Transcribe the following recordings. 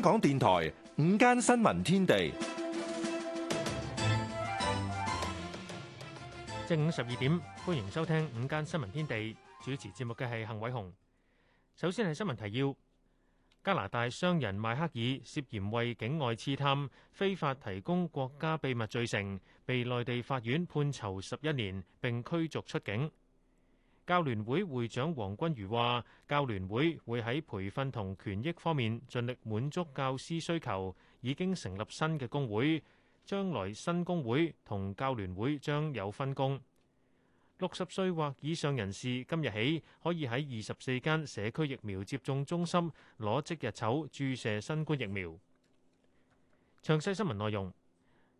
香港電台午間新聞天地，正午十二點，歡迎收聽午間新聞天地。主持節目嘅係幸偉雄。首先係新聞提要：加拿大商人邁克爾涉嫌為境外刺探，非法提供國家秘密罪成，被內地法院判囚十一年，並驅逐出境。教聯會會長黃君如話，教聯會會喺培訓同權益方面盡力滿足教師需求，已經成立新嘅工會，將來新工會同教聯會將有分工。六十歲或以上人士今日起可以喺二十四間社區疫苗接種中心攞即日籌注射新冠疫苗。詳細新聞內容。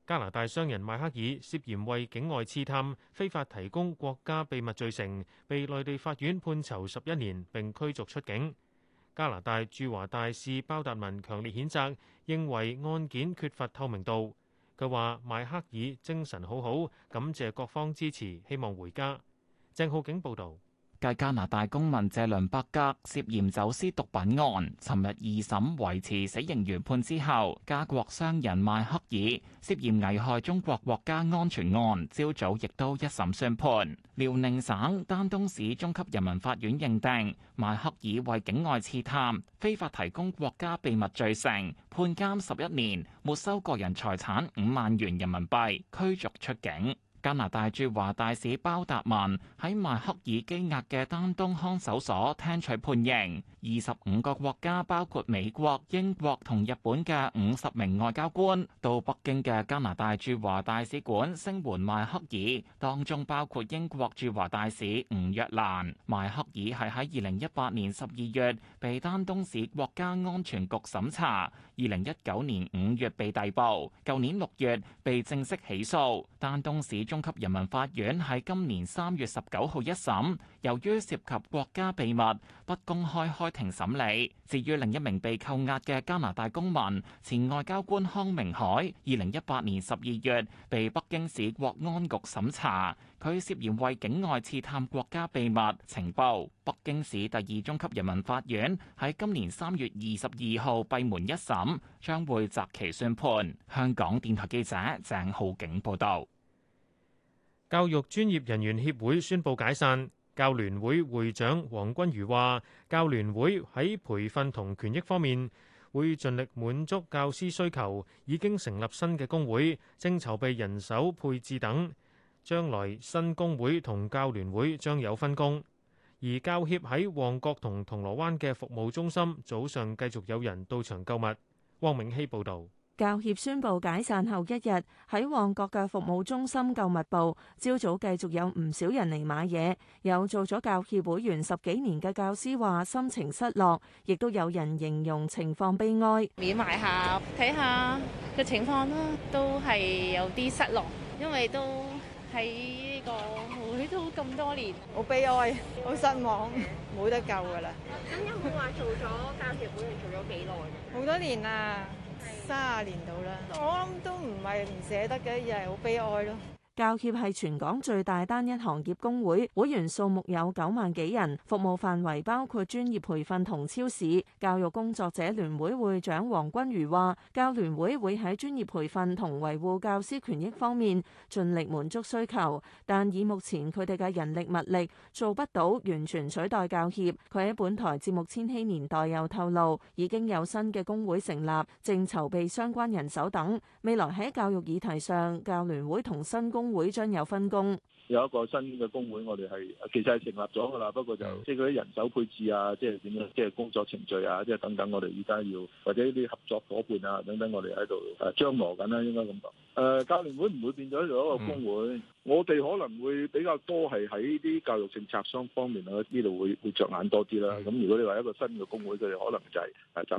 加拿大商人邁克爾涉嫌為境外刺探，非法提供國家秘密罪成，被內地法院判囚十一年，並驅逐出境。加拿大駐華大使包達文強烈譴責，認為案件缺乏透明度。佢話邁克爾精神好好，感謝各方支持，希望回家。鄭浩景報道。繼加拿大公民謝倫伯格涉嫌走私毒品案，尋日二審維持死刑原判之後，加國商人邁克爾涉嫌危害中國國家安全案，朝早亦都一審宣判。遼寧省丹東市中級人民法院認定邁克爾為境外刺探、非法提供國家秘密罪成，判監十一年，沒收個人財產五萬元人民幣，驅逐出境。加拿大駐華大使包達文喺邁克爾羈押嘅丹東看守所聽取判刑。二十五個國家包括美國、英國同日本嘅五十名外交官到北京嘅加拿大駐華大使館聲援邁克爾，當中包括英國駐華大使吳若蘭。邁克爾係喺二零一八年十二月被丹東市國家安全局審查，二零一九年五月被逮捕，舊年六月被正式起訴。丹東市。中級人民法院喺今年三月十九號一審，由於涉及國家秘密，不公開開庭審理。至於另一名被扣押嘅加拿大公民，前外交官康明凱，二零一八年十二月被北京市國安局審查，佢涉嫌為境外刺探國家秘密情報。北京市第二中級人民法院喺今年三月二十二號閉門一審，將會擇期宣判。香港電台記者鄭浩景報道。教育專業人員協會宣布解散，教聯會會長黃君如話教聯會喺培訓同權益方面會盡力滿足教師需求，已經成立新嘅工會正籌備人手配置等。將來新工會同教聯會將有分工。而教協喺旺角同銅鑼灣嘅服務中心早上繼續有人到場購物。汪銘希報道。教協宣布解散後一日，喺旺角嘅服務中心購物部，朝早繼續有唔少人嚟買嘢。有做咗教協會員十幾年嘅教師話心情失落，亦都有人形容情況悲哀。免埋下睇下個情況啦，都係有啲失落，因為都喺呢個會都咁多年，好悲哀，好失望，冇得救㗎喇。咁有冇話做咗教協會員做咗幾耐？好多年啦。卅年到啦， 我諗都唔係唔捨得嘅，而係好悲哀咯。教協係全港最大單一行業工會，會員數目有九萬幾人，服務範圍包括專業培訓同超市。教育工作者聯會會長黃君如話：教聯會會喺專業培訓同維護教師權益方面盡力滿足需求，但以目前佢哋嘅人力物力，做不到完全取代教協。佢喺本台節目《千禧年代》又透露，已經有新嘅工會成立，正籌備相關人手等，未來喺教育議題上，教聯會同新工。會將有分工，有一個新嘅工會我，我哋係其實係成立咗噶啦，不過就即係嗰啲人手配置啊，即係點樣，即係工作程序啊，即係等等我，我哋依家要或者呢啲合作伙伴啊等等我，我哋喺度誒張羅緊啦，應該咁講。誒、呃，教練會唔會變咗做一個工會？我哋可能會比較多係喺啲教育政策方面啦，呢度會會著眼多啲啦。咁如果你話一個新嘅工會，佢哋可能就係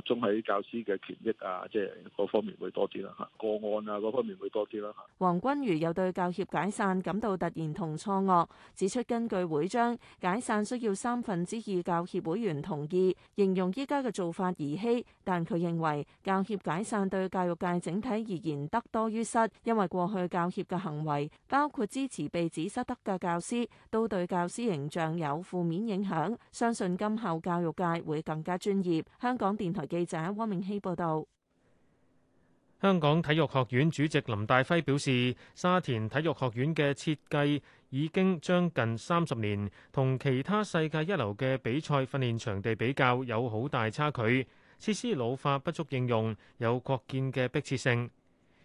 集中喺教師嘅權益啊，即係各方面會多啲啦。個案啊，各方面會多啲啦。黃均瑜又對教協解散感到突然同錯愕，指出根據會章，解散需要三分之二教協會員同意，形容依家嘅做法兒戲。但佢認為教協解散對教育界整體而言得多於失，因為過去教協嘅行為包括。支持被指失德嘅教師都對教師形象有負面影響，相信今後教育界會更加專業。香港電台記者汪明希報道。香港體育學院主席林大輝表示，沙田體育學院嘅設計已經將近三十年，同其他世界一流嘅比賽訓練場地比較有好大差距，設施老化不足應用，有擴建嘅迫切性。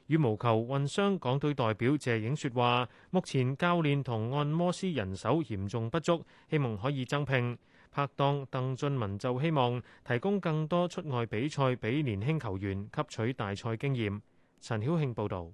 羽毛球混雙港隊代表謝影雪話，目前教練同按摩師人手嚴重不足，希望可以增聘拍檔。鄧俊文就希望提供更多出外比賽俾年輕球員吸取大賽經驗。陳曉慶報道。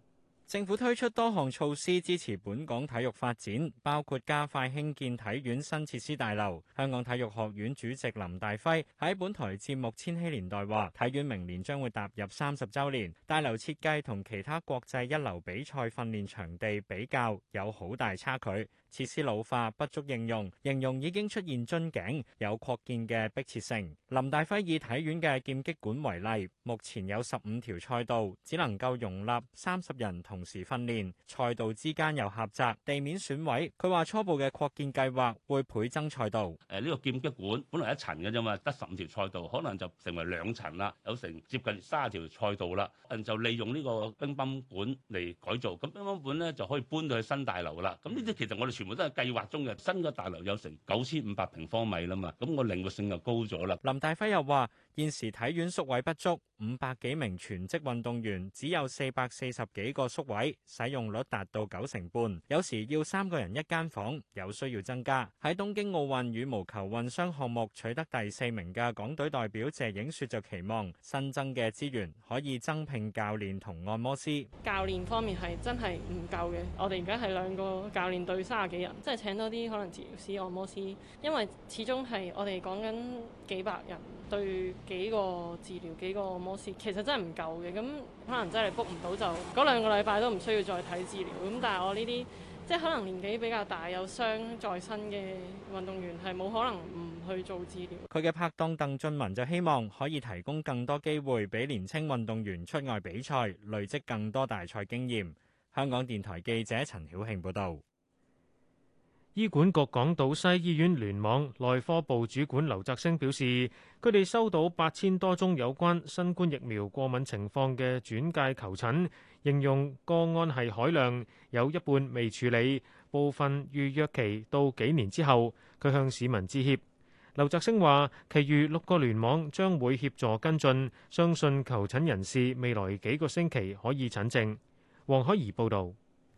政府推出多項措施支持本港體育發展，包括加快興建體院新設施大樓，香港體育學院主席林大輝喺本台節目《千禧年代》話體院明年將會踏入三十周年，大樓設計同其他國際一流比賽訓練場地比較有好大差距。設施老化不足應用，形容已經出現樽頸，有擴建嘅迫切性。林大輝以體院嘅劍擊館為例，目前有十五條賽道，只能夠容納三十人同時訓練，賽道之間又狹窄，地面損毀。佢話初步嘅擴建計劃會倍增賽道。誒，呢個劍擊館本來一層嘅啫嘛，得十五條賽道，可能就成為兩層啦，有成接近三十條賽道啦。就利用呢個乒乓館嚟改造，咁乒乓館呢就可以搬到去新大樓啦。咁呢啲其實我哋全部都係計劃中嘅，新嘅大樓有成九千五百平方米啦嘛，咁個靈活性就高咗啦。林大輝又話：現時體院宿位不足五百幾名全職運動員，只有四百四十幾個宿位，使用率達到九成半，有時要三個人一間房，有需要增加。喺東京奧運羽毛球混雙項目取得第四名嘅港隊代表謝影雪就期望新增嘅資源可以增聘教練同按摩師。教練方面係真係唔夠嘅，我哋而家係兩個教練對三十。幾人？即係請多啲可能治療師、按摩師，因為始終係我哋講緊幾百人對幾個治療、幾個按摩師，其實真係唔夠嘅。咁可能真係 book 唔到，就嗰兩個禮拜都唔需要再睇治療。咁但係我呢啲即係可能年紀比較大、有傷在身嘅運動員係冇可能唔去做治療。佢嘅拍檔鄧俊文就希望可以提供更多機會俾年青運動員出外比賽，累積更多大賽經驗。香港電台記者陳曉慶報導。醫管局港島西醫院聯網內科部主管劉澤聲表示，佢哋收到八千多宗有關新冠疫苗過敏情況嘅轉介求診，形容個案係海量，有一半未處理，部分預約期到幾年之後。佢向市民致歉。劉澤聲話，其餘六個聯網將會協助跟進，相信求診人士未來幾個星期可以診症，黃海怡報道。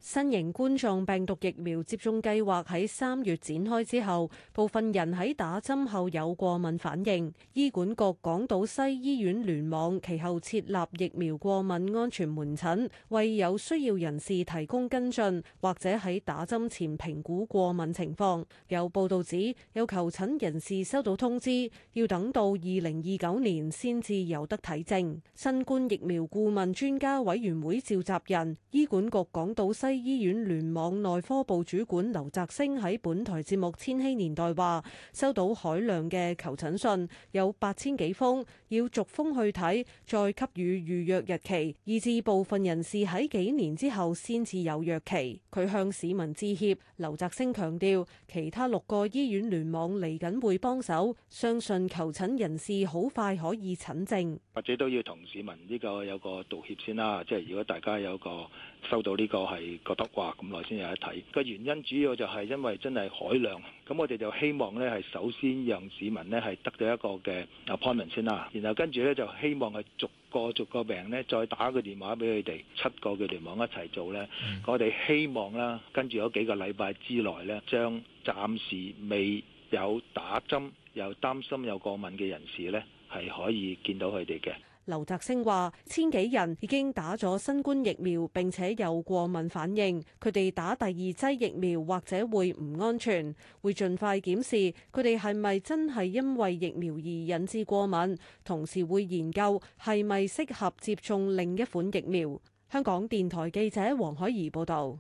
新型冠狀病毒疫苗接種計劃喺三月展開之後，部分人喺打針後有過敏反應。醫管局港島西醫院聯網，其後設立疫苗過敏安全門診，為有需要人士提供跟進，或者喺打針前評估過敏情況。有報導指，有求診人士收到通知，要等到二零二九年先至有得睇症。新冠疫苗顧問專家委員會召集人、醫管局港島西醫院聯網內科部主管劉澤星喺本台節目《千禧年代》話，收到海量嘅求診信，有八千幾封，要逐封去睇，再給予預約日期，以至部分人士喺幾年之後先至有約期。佢向市民致歉。劉澤星強調，其他六個醫院聯網嚟緊會幫手，相信求診人士好快可以診症。或者都要同市民呢個有個道歉先啦，即係如果大家有個。收到呢個係覺得哇咁耐先有得睇，個原因主要就係因為真係海量，咁我哋就希望呢係首先讓市民呢係得到一個嘅 appointment 先啦，然後跟住呢就希望係逐個逐個病呢，再打個電話俾佢哋，七個嘅聯網一齊做呢。嗯、我哋希望啦，跟住嗰幾個禮拜之內呢，將暫時未有打針又擔心有過敏嘅人士呢，係可以見到佢哋嘅。劉澤星話：千幾人已經打咗新冠疫苗，並且有過敏反應，佢哋打第二劑疫苗或者會唔安全，會盡快檢視佢哋係咪真係因為疫苗而引致過敏，同時會研究係咪適合接種另一款疫苗。香港電台記者黃海怡報道：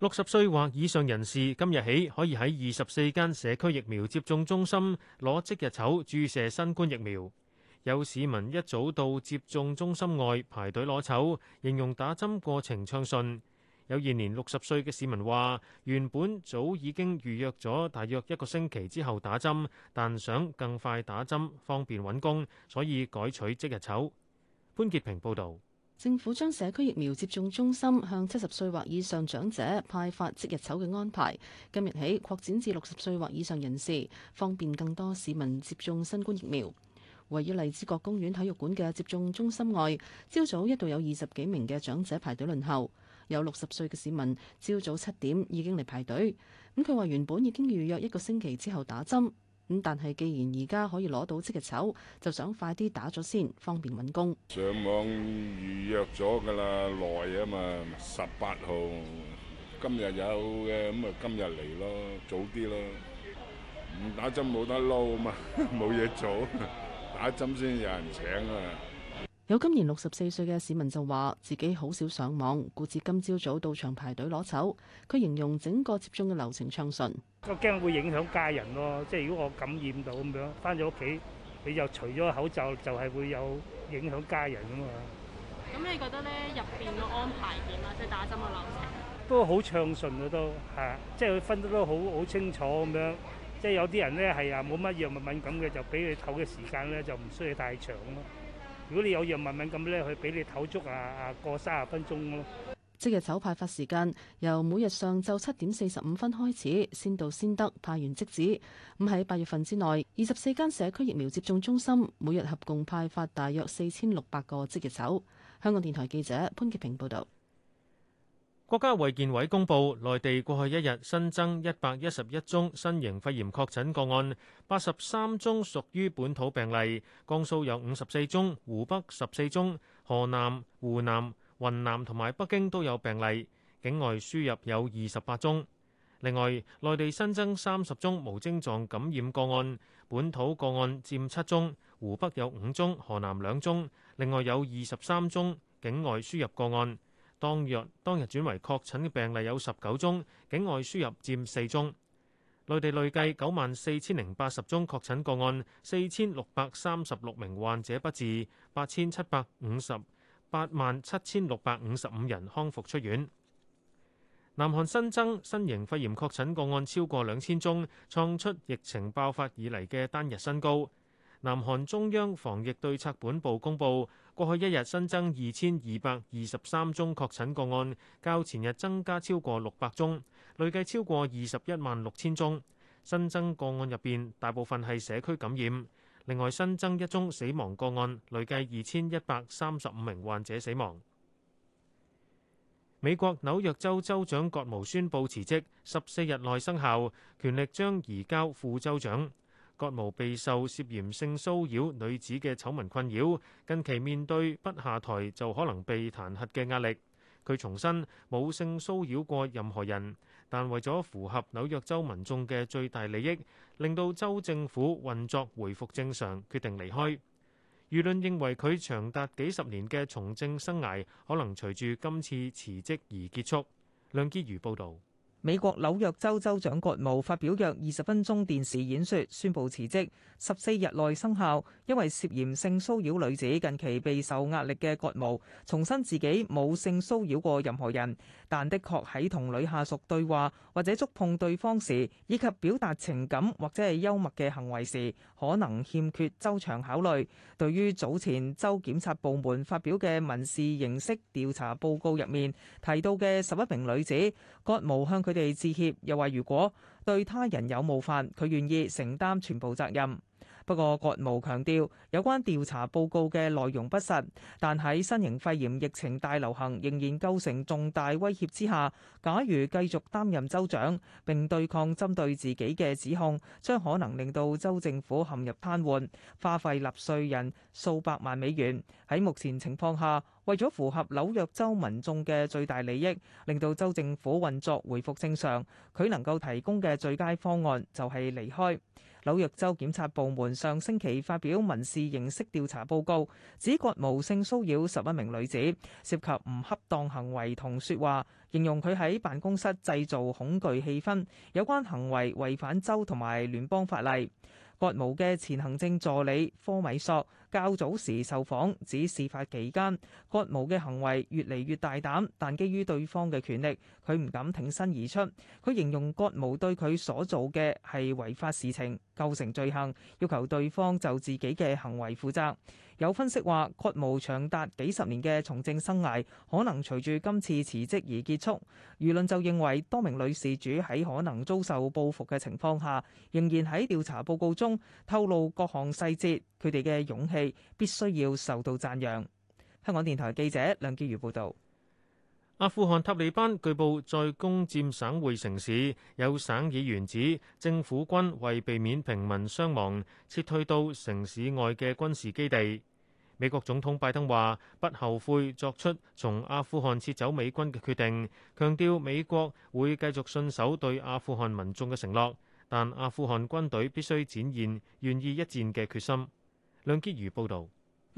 六十歲或以上人士今日起可以喺二十四間社區疫苗接種中心攞即日籌注射新冠疫苗。有市民一早到接種中心外排隊攞籌形容打針過程暢順。有現年六十歲嘅市民話原本早已經預約咗，大約一個星期之後打針，但想更快打針方便揾工，所以改取即日籌。潘潔平報道，政府將社區疫苗接種中心向七十歲或以上長者派發即日籌嘅安排，今日起擴展至六十歲或以上人士，方便更多市民接種新冠疫苗。位於荔枝角公園體育館嘅接種中心外，朝早一度有二十幾名嘅長者排隊輪候，有六十歲嘅市民朝早七點已經嚟排隊。咁佢話原本已經預約一個星期之後打針，咁但係既然而家可以攞到即日籌，就想快啲打咗先，方便揾工。上網預約咗㗎啦，耐啊嘛，十八號今日有嘅，咁啊今日嚟咯，早啲咯，唔打針冇得撈啊嘛，冇 嘢做。打針先有人請啊！有今年六十四歲嘅市民就話：自己好少上網，故此今朝早，早到場排隊攞籌。佢形容整個接種嘅流程暢順。 我驚會影響家人咯，即係如果我感染到咁樣，翻咗屋企，你就除咗口罩，就係會有影響家人啊嘛。咁你覺得咧入邊嘅安排點啊？即係打針嘅流程。都好暢順啊，都係即係佢分得都好好清楚咁樣。即係有啲人呢，係啊冇乜藥物敏感嘅，就俾佢唞嘅時間呢，就唔需要太長咯。如果你有藥物敏感咧，去俾你唞足啊過三十分鐘咯。即日籌派發時間由每日上晝七點四十五分開始，先到先得，派完即止。咁喺八月份之內，二十四間社區疫苗接種中心每日合共派發大約四千六百個即日籌。香港電台記者潘潔平報道。國家衛健委公佈，內地過去一日新增一百一十一宗新型肺炎確診個案，八十三宗屬於本土病例，江蘇有五十四宗，湖北十四宗，河南、湖南、雲南同埋北京都有病例，境外輸入有二十八宗。另外，內地新增三十宗無症狀感染個案，本土個案佔七宗，湖北有五宗，河南兩宗，另外有二十三宗境外輸入個案。當日當日轉為確診嘅病例有十九宗，境外輸入佔四宗。內地累計九萬四千零八十宗確診個案，四千六百三十六名患者不治，八千七百五十八萬七千六百五十五人康復出院。南韓新增新型肺炎確診個案超過兩千宗，創出疫情爆發以嚟嘅單日新高。南韓中央防疫對策本部公佈，過去一日新增二千二百二十三宗確診個案，較前日增加超過六百宗，累計超過二十一萬六千宗。新增個案入邊，大部分係社區感染。另外新增一宗死亡個案，累計二千一百三十五名患者死亡。美國紐約州州長葛姆宣布辭職，十四日內生效，權力將移交副州長。葛謨備受涉嫌性騷擾女子嘅醜聞困擾，近期面對不下台就可能被彈劾嘅壓力。佢重申冇性騷擾過任何人，但為咗符合紐約州民眾嘅最大利益，令到州政府運作回復正常，決定離開。輿論認為佢長達幾十年嘅從政生涯可能隨住今次辭職而結束。梁潔如報導。美國紐約州州長葛謨發表約二十分鐘電視演說，宣布辭職，十四日內生效。因為涉嫌性騷擾女子，近期備受壓力嘅葛謨，重申自己冇性騷擾過任何人，但的確喺同女下屬對話或者觸碰對方時，以及表達情感或者係幽默嘅行為時，可能欠缺周詳考慮。對於早前州檢察部門發表嘅民事形式調查報告入面提到嘅十一名女子，葛謨向。佢哋致歉，又話如果對他人有冒犯，佢願意承擔全部責任。不過，葛謨強調有關調查報告嘅內容不實，但喺新型肺炎疫情大流行仍然構成重大威脅之下，假如繼續擔任州長，並對抗針對自己嘅指控，將可能令到州政府陷入癱瘓，花費納稅人數百萬美元。喺目前情況下，為咗符合紐約州民眾嘅最大利益，令到州政府運作回復正常，佢能夠提供嘅最佳方案就係離開。紐約州檢察部門上星期發表民事形式調查報告，指國無性騷擾十一名女子，涉及唔恰當行為同説話，形容佢喺辦公室製造恐懼氣氛，有關行為違反州同埋聯邦法例。葛謨嘅前行政助理科米索較早時受訪指事發期間，葛謨嘅行為越嚟越大膽，但基於對方嘅權力，佢唔敢挺身而出。佢形容葛謨對佢所做嘅係違法事情，構成罪行，要求對方就自己嘅行為負責。有分析話，霍無長達幾十年嘅從政生涯可能隨住今次辭職而結束。輿論就認為多名女事主喺可能遭受報復嘅情況下，仍然喺調查報告中透露各項細節，佢哋嘅勇氣必須要受到讚揚。香港電台記者梁建如報道。阿富汗塔利班據報在攻佔省會城市，有省議員指政府軍為避免平民傷亡，撤退到城市外嘅軍事基地。美國總統拜登話：不後悔作出從阿富汗撤走美軍嘅決定，強調美國會繼續信守對阿富汗民眾嘅承諾，但阿富汗軍隊必須展現願意一戰嘅決心。梁潔如報導。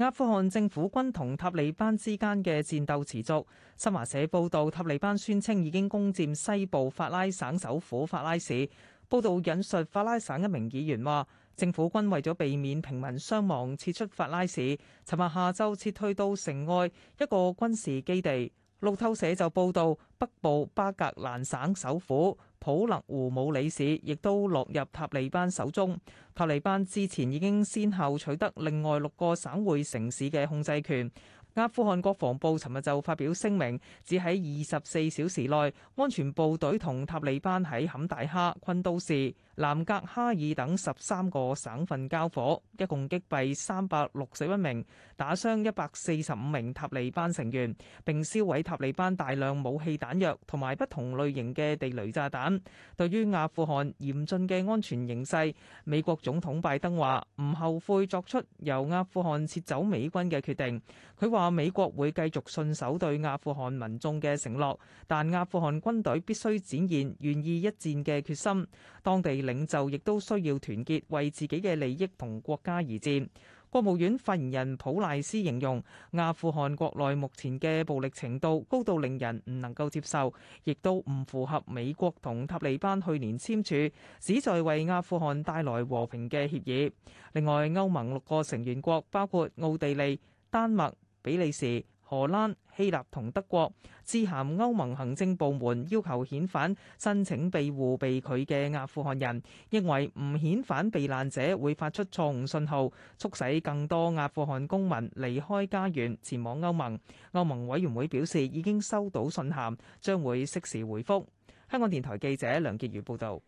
阿富汗政府軍同塔利班之間嘅戰鬥持續。新華社報道，塔利班宣稱已經攻佔西部法拉省首府法拉市。報道引述法拉省一名議員話，政府軍為咗避免平民傷亡，撤出法拉市，尋日下晝撤退到城外一個軍事基地。路透社就報道，北部巴格蘭省首府普勒胡姆里市亦都落入塔利班手中。塔利班之前已經先後取得另外六個省會城市嘅控制權。阿富汗國防部尋日就發表聲明，指喺二十四小時內，安全部隊同塔利班喺坎大哈、昆都市。南格哈爾等十三個省份交火，一共擊斃三百六十一名，打傷一百四十五名塔利班成員，並燒毀塔利班大量武器彈藥同埋不同類型嘅地雷炸彈。對於阿富汗嚴峻嘅安全形勢，美國總統拜登話唔後悔作出由阿富汗撤走美軍嘅決定。佢話美國會繼續信守對阿富汗民眾嘅承諾，但阿富汗軍隊必須展現願意一戰嘅決心。當地領袖亦都需要團結，為自己嘅利益同國家而戰。國務院發言人普賴斯形容，阿富汗國內目前嘅暴力程度高度令人唔能夠接受，亦都唔符合美國同塔利班去年簽署旨在為阿富汗帶來和平嘅協議，另外，歐盟六個成員國包括奧地利、丹麥、比利時、荷蘭、希臘同德國致函歐盟行政部門，要求遣返申請庇護、被拒嘅阿富汗人，認為唔遣返避難，避難者會發出錯誤信號，促使更多阿富汗公民離開家園前往歐盟。歐盟委員會表示已經收到信函，將會適時回覆。香港電台記者梁潔如報導。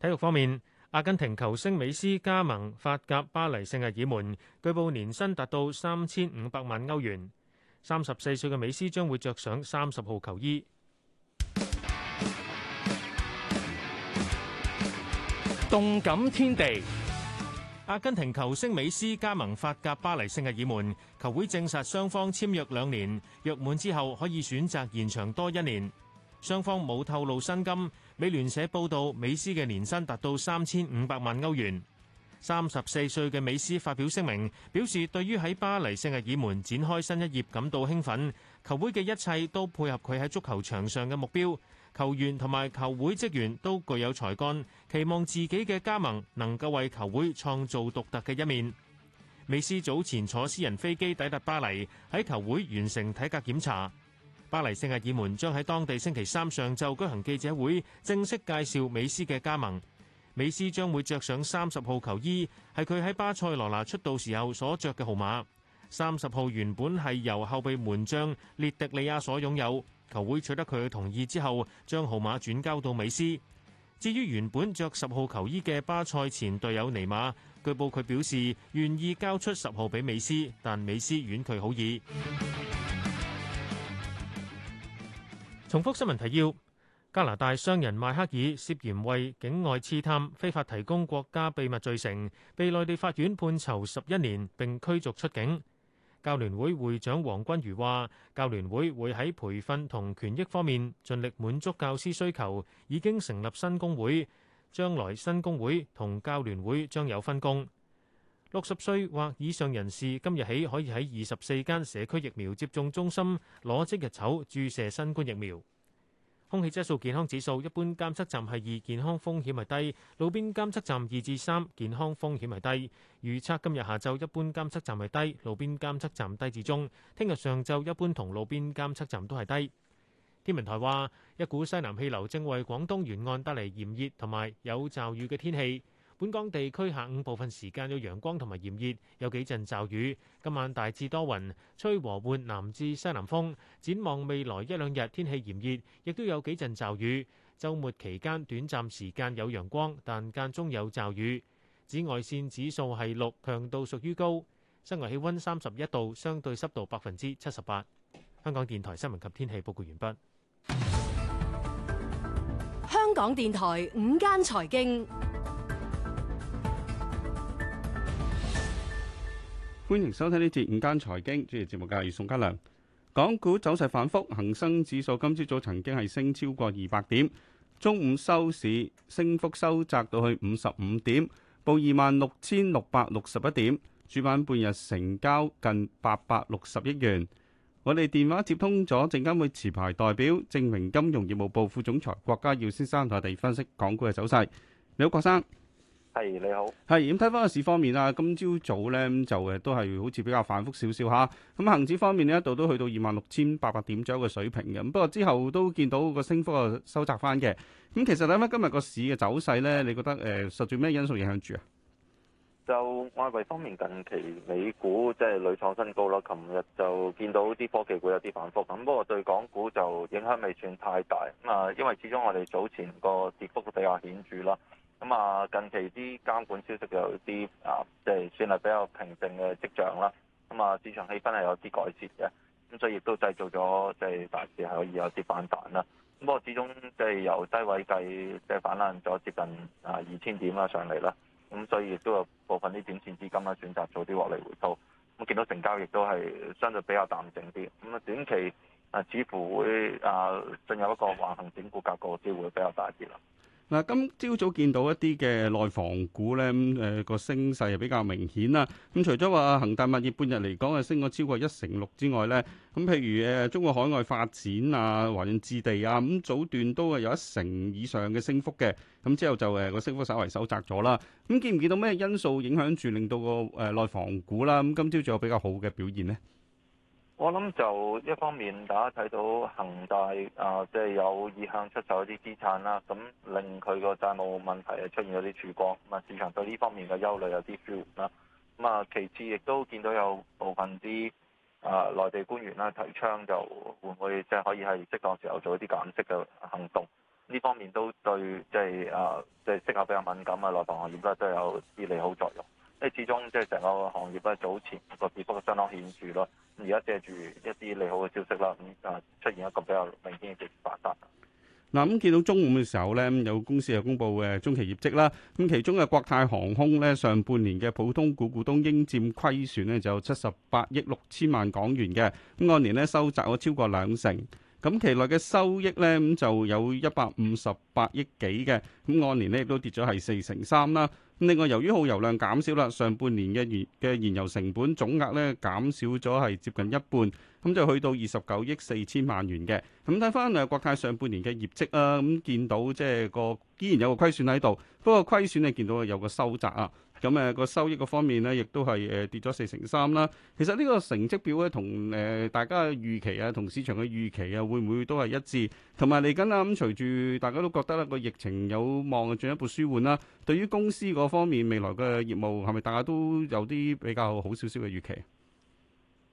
體育方面，阿根廷球星美斯加盟法甲巴黎聖日耳門，據報年薪達到三千五百萬歐元。三十四歲嘅美斯將會着上三十號球衣。動感天地，阿根廷球星美斯加盟法甲巴黎聖日耳門，球會證實雙方簽約兩年，約滿之後可以選擇延長多一年。雙方冇透露薪金。美聯社報道，美斯嘅年薪達到三千五百萬歐元。三十四歲嘅美斯發表聲明，表示對於喺巴黎聖日耳門展開新一頁感到興奮，球會嘅一切都配合佢喺足球場上嘅目標，球員同埋球會職員都具有才幹，期望自己嘅加盟能夠為球會創造獨特嘅一面。美斯早前坐私人飛機抵達巴黎，喺球會完成體格檢查。巴黎聖日耳門將喺當地星期三上晝舉行記者會，正式介紹美斯嘅加盟。美斯將會着上三十號球衣，係佢喺巴塞羅那出道時候所着嘅號碼。三十號原本係由後備門將列迪利亞所擁有，球會取得佢嘅同意之後，將號碼轉交到美斯。至於原本着十號球衣嘅巴塞前隊友尼馬，據報佢表示願意交出十號俾美斯，但美斯婉拒好意。 重複新聞提要。加拿大商人麥克爾涉嫌為境外刺探、非法提供國家秘密罪成，被內地法院判囚十一年並驅逐出境。教聯會會長黃君如話，教聯會會喺培訓同權益方面盡力滿足教師需求，已經成立新工會，將來新工會同教聯會將有分工。六十歲或以上人士今日起可以喺二十四間社區疫苗接種中心攞即日籌注射新冠疫苗。空氣質素健康指數一般監測站係二，健康風險係低；路邊監測站二至三，健康風險係低。預測今日下晝一般監測站係低，路邊監測站低至中。聽日上晝一般同路邊監測站都係低。天文台話，一股西南氣流正為廣東沿岸帶嚟炎熱同埋有驟雨嘅天氣。本港地區下午部分時間有陽光同埋炎熱，有幾陣驟雨。今晚大致多雲，吹和緩南至西南風。展望未來一兩日天氣炎熱，亦都有幾陣驟雨。周末期間短暫時間有陽光，但間中有驟雨。紫外線指數係六，強度屬於高。室外氣溫三十一度，相對濕度百分之七十八。香港電台新聞及天氣報告完畢。香港電台午間財經。歡迎收聽呢節午間財經，主持節目嘅係宋嘉良。港股走勢反覆，恒生指數今朝早，早曾經係升超過二百點，中午收市升幅收窄到去五十五點，報二萬六千六百六十一點，主板半日成交近八百六十億元。我哋電話接通咗證監會持牌代表正榮金融業務部副總裁郭家耀先生，同我哋分析港股嘅走勢。你好，郭生。係你好，係咁睇翻個市方面啊，今朝早咧就誒都係好似比較反覆少少吓，咁恒指方面呢，一度都去到二萬六千八百點左右嘅水平嘅，咁不過之後都見到個升幅啊收窄翻嘅。咁其實睇翻今日個市嘅走勢咧，你覺得誒受住咩因素影響住啊？就外圍方面近期美股即係屢創新高咯，琴日就見到啲科技股有啲反復，咁不過對港股就影響未算太大，咁啊因為始終我哋早前個跌幅都比較顯著啦。咁啊，近期啲監管消息有啲啊，即係算係比較平靜嘅跡象啦。咁啊，市場氣氛係有啲改善嘅，咁所以亦都製造咗即係大市係可以有啲反彈啦。咁不過始終即係由低位計，即係反彈咗接近啊二千點啦上嚟啦。咁所以亦都有部分啲短線資金啦選擇早啲獲利回吐。咁見到成交亦都係相對比較淡靜啲。咁啊，短期啊似乎會啊進入一個橫行整固格局嘅機會比較大啲啦。嗱，今朝早見到一啲嘅內房股咧，咁、那、誒個升勢係比較明顯啦。咁除咗話恒大物業半日嚟講係升咗超過一成六之外咧，咁譬如誒中國海外發展啊、華潤置地啊，咁早段都係有一成以上嘅升幅嘅。咁之後就誒個升幅稍為收窄咗啦。咁見唔見到咩因素影響住令到個誒內房股啦？咁今朝仲有比較好嘅表現咧？我諗就一方面，大家睇到恒大啊，即、呃、係、就是、有意向出售一啲資產啦，咁、嗯、令佢個債務問題啊出現咗啲曙光。咁、嗯、啊，市場對呢方面嘅憂慮有啲紓緩啦。咁、嗯、啊，其次亦都見到有部分啲啊、呃、內地官員啦提倡就會唔會即係可以喺適當時候做一啲減息嘅行動。呢方面都對即係啊即係息口比較敏感嘅內房行業都都有啲利好作用。即始終即係成個行業咧，早前個跌幅係相當顯著咯。而家借住一啲利好嘅消息啦，咁啊出現一個比較明顯嘅嘅反彈。嗱、嗯，咁見到中午嘅時候咧，有公司係公布嘅中期業績啦。咁其中嘅國泰航空咧，上半年嘅普通股股東應佔虧損咧就七十八億六千萬港元嘅，咁按年咧收窄咗超過兩成。咁期內嘅收益咧，咁就有一百五十八億幾嘅，咁按年咧亦都跌咗係四成三啦。另外由於耗油量減少啦，上半年嘅燃嘅燃油成本總額咧減少咗係接近一半，咁就去到二十九億四千萬元嘅。咁睇翻啊國泰上半年嘅業績啊，咁見到即係個依然有個虧損喺度，不過虧損你見到有個收窄啊。咁誒，個收益嘅方面呢，亦都係誒跌咗四成三啦。其實，呢個成績表咧，同誒大家嘅預期啊，同市場嘅預期啊，會唔會都係一致？同埋嚟緊啊，咁隨住大家都覺得咧，個疫情有望進一步舒緩啦。對於公司嗰方面未來嘅業務，係咪大家都有啲比較好少少嘅預期？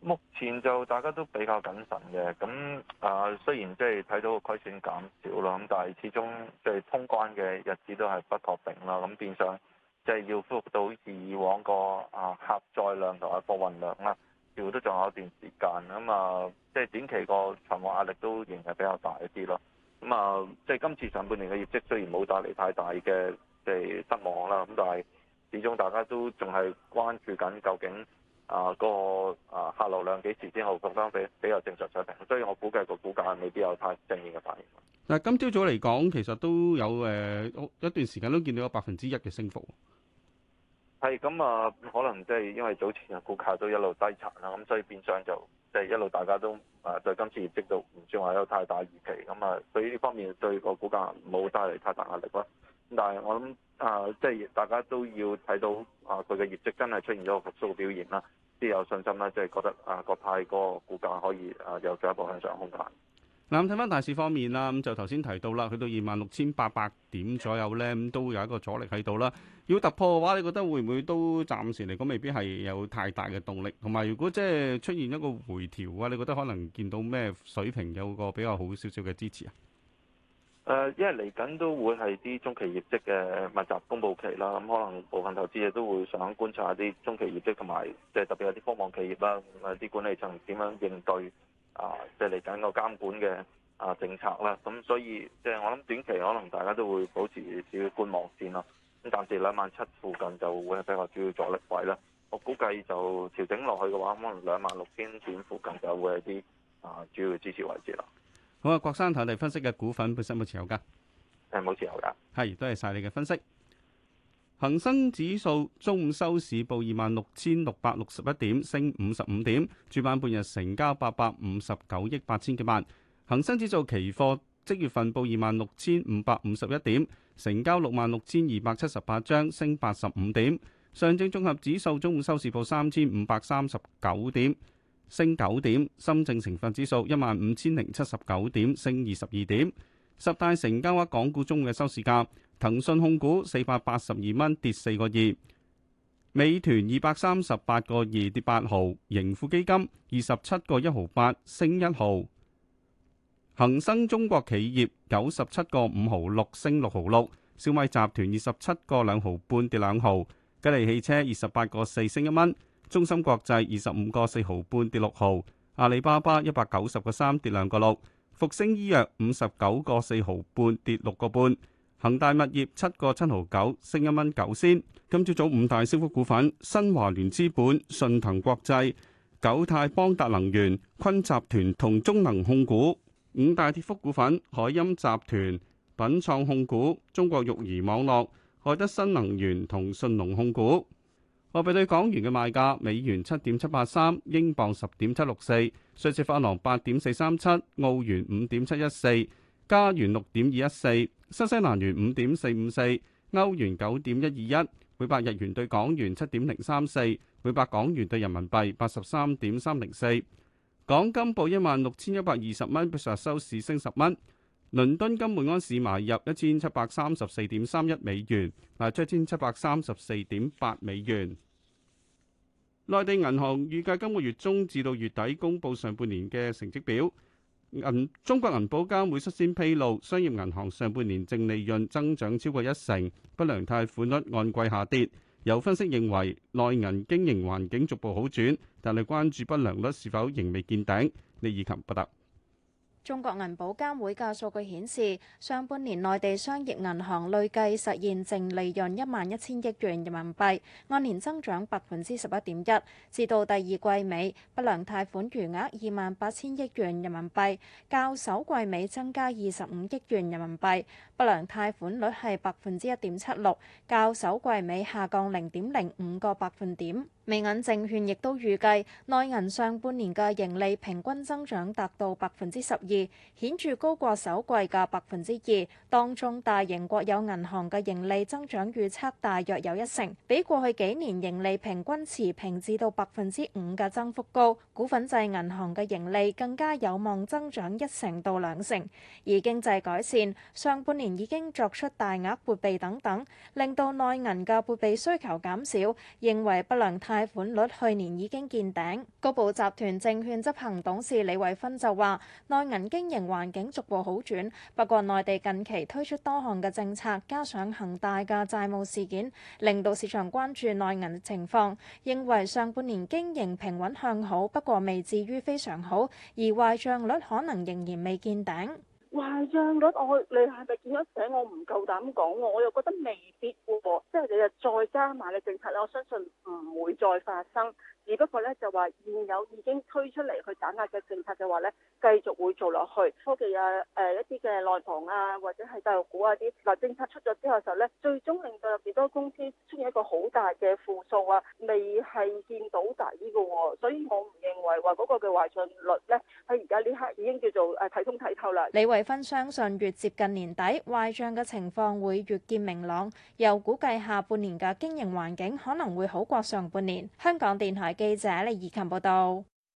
目前就大家都比較謹慎嘅。咁啊，雖然即係睇到個虧損減少啦，咁但係始終即係通關嘅日子都係不確定啦。咁變相。即係要恢復到以往個啊客載量同埋貨運量啦，似乎都仲有一段時間，咁啊，即係短期個循環壓力都仍係比較大一啲咯。咁啊，即係今次上半年嘅業績雖然冇帶嚟太大嘅即係失望啦，咁但係始終大家都仲係關注緊究竟。啊，個啊客流量幾時之後降翻比比較正常水平？所以我估計個股價未必有太正面嘅反應。但係，今朝早嚟講，其實都有誒一段時間都見到有百分之一嘅升幅。係咁啊，可能即係因為早前嘅股價都一路低殘啦，咁所以變相就即係、就是、一路大家都啊對今次業績度唔算話有太大預期，咁、嗯、啊，對於呢方面對個股價冇帶嚟太大壓力咯。咁但係我諗啊，即、呃、係、就是、大家都要睇到啊，佢嘅業績真係出現咗個復甦嘅表現啦。啲有信心啦，即係覺得啊，個派個股價可以啊，有進一步向上空間。嗱，咁睇翻大市方面啦，咁就頭先提到啦，去到二萬六千八百點左右咧，咁都會有一個阻力喺度啦。如果突破嘅話，你覺得會唔會都暫時嚟講未必係有太大嘅動力？同埋，如果即係出現一個回調嘅話，你覺得可能見到咩水平有個比較好少少嘅支持啊？誒，uh, 因為嚟緊都會係啲中期業績嘅密集公布期啦，咁、嗯、可能部分投資者都會想觀察下啲中期業績同埋，即係特別有啲科網企業啦，啊啲管理層點樣應對啊，即係嚟緊個監管嘅啊政策啦，咁所以即係、就是、我諗短期可能大家都會保持少少觀望先咯，咁暫時兩萬七附近就會係比較主要阻力位啦，我估計就調整落去嘅話，可能兩萬六千點附近就會係啲啊主要嘅支持位置啦。好啊，郭生頭地分析嘅股份本身冇持有噶？係冇持有噶。係，多謝晒你嘅分析。恒生指數中午收市報二萬六千六百六十一點，升五十五點。主板半日成交八百五十九億八千幾萬。恒生指數期貨即月份報二萬六千五百五十一點，成交六萬六千二百七十八張，升八十五點。上證綜合指數中午收市報三千五百三十九點。升九點，深圳成分指數一萬五千零七十九點，升二十二點。十大成交額港股中嘅收市價，騰訊控股四百八十二蚊，跌四個二；美團二百三十八個二，跌八毫；盈富基金二十七個一毫八，升一毫；恒生中國企業九十七個五毫六，升六毫六；小米集團二十七個兩毫半，跌兩毫；吉利汽車二十八個四，升一蚊。中芯國際二十五個四毫半，跌六毫，阿里巴巴一百九十個三，跌兩個六，復星醫藥五十九個四毫半，跌六個半，恒大物業七個七毫九，升一蚊九仙。今朝早五大升幅股份：新華聯資本、信騰國際、久泰邦達能源、坤集團同中能控股；五大跌幅股份：海鑫集團、品創控股、中國育兒網絡、海德新能源同信隆控股。貨幣對港元嘅賣價：美元七點七八三，英鎊十點七六四，瑞士法郎八點四三七，澳元五點七一四，加元六點二一四，新西蘭元五點四五四，歐元九點一二一，每百日元對港元七點零三四，每百港元對人民幣八十三點三零四。港金報一萬六千一百二十蚊，比上收市升十蚊。倫敦金每安士買入一千七百三十四點三一美元，賣出一千七百三十四點八美元。內地銀行預計今個月中至到月底公布上半年嘅成績表。銀中國銀保監會率先披露，商業銀行上半年淨利潤增長超過一成，不良貸款率按季下跌。有分析認為，內銀經營環境逐步好轉，但係關注不良率是否仍未見頂。李以琴報道。中國銀保監會嘅數據顯示，上半年內地商業銀行累計實現淨利潤一萬一千億元人民幣，按年增長百分之十一點一。至到第二季尾，不良貸款餘額二萬八千億元人民幣，較首季尾增加二十五億元人民幣。不良貸款率係百分之一點七六，較首季尾下降零點零五個百分點。美銀證券亦都預計，內銀上半年嘅盈利平均增長達到百分之十二。顯著高過首季嘅百分之二，當中大型國有銀行嘅盈利增長預測大約有一成，比過去幾年盈利平均持平至到百分之五嘅增幅高。股份制銀行嘅盈利更加有望增長一成到兩成，而經濟改善，上半年已經作出大額撥備等等，令到內銀嘅撥備需求減少，認為不良貸款率去年已經見頂。高寶集團證券執行董事李慧芬就話：內銀。經營環境逐步好轉，不過內地近期推出多項嘅政策，加上恒大嘅債務事件，令到市場關注內銀情況，認為上半年經營平穩向好，不過未至於非常好，而壞賬率可能仍然未見頂。壞賬率我你係咪見到頂？我唔夠膽講，我又覺得未必喎，即係你又再加埋嘅政策咧，我相信唔會再發生。只不過咧，就話現有已經推出嚟去打壓嘅政策嘅話咧，繼續會做落去科技啊，誒、呃、一啲嘅內房啊，或者係大陸股啊啲嗱，政策出咗之後就咧，最終令到有幾多公司出現一個好大嘅負數啊，未係見到底噶、哦，所以我唔認為話嗰個嘅壞賬率咧喺而家呢刻已經叫做誒睇通睇透啦。李慧芬相信越接近年底，壞賬嘅情況會越見明朗，又估計下半年嘅經營環境可能會好過上半年。香港電台。記者李怡琴報道。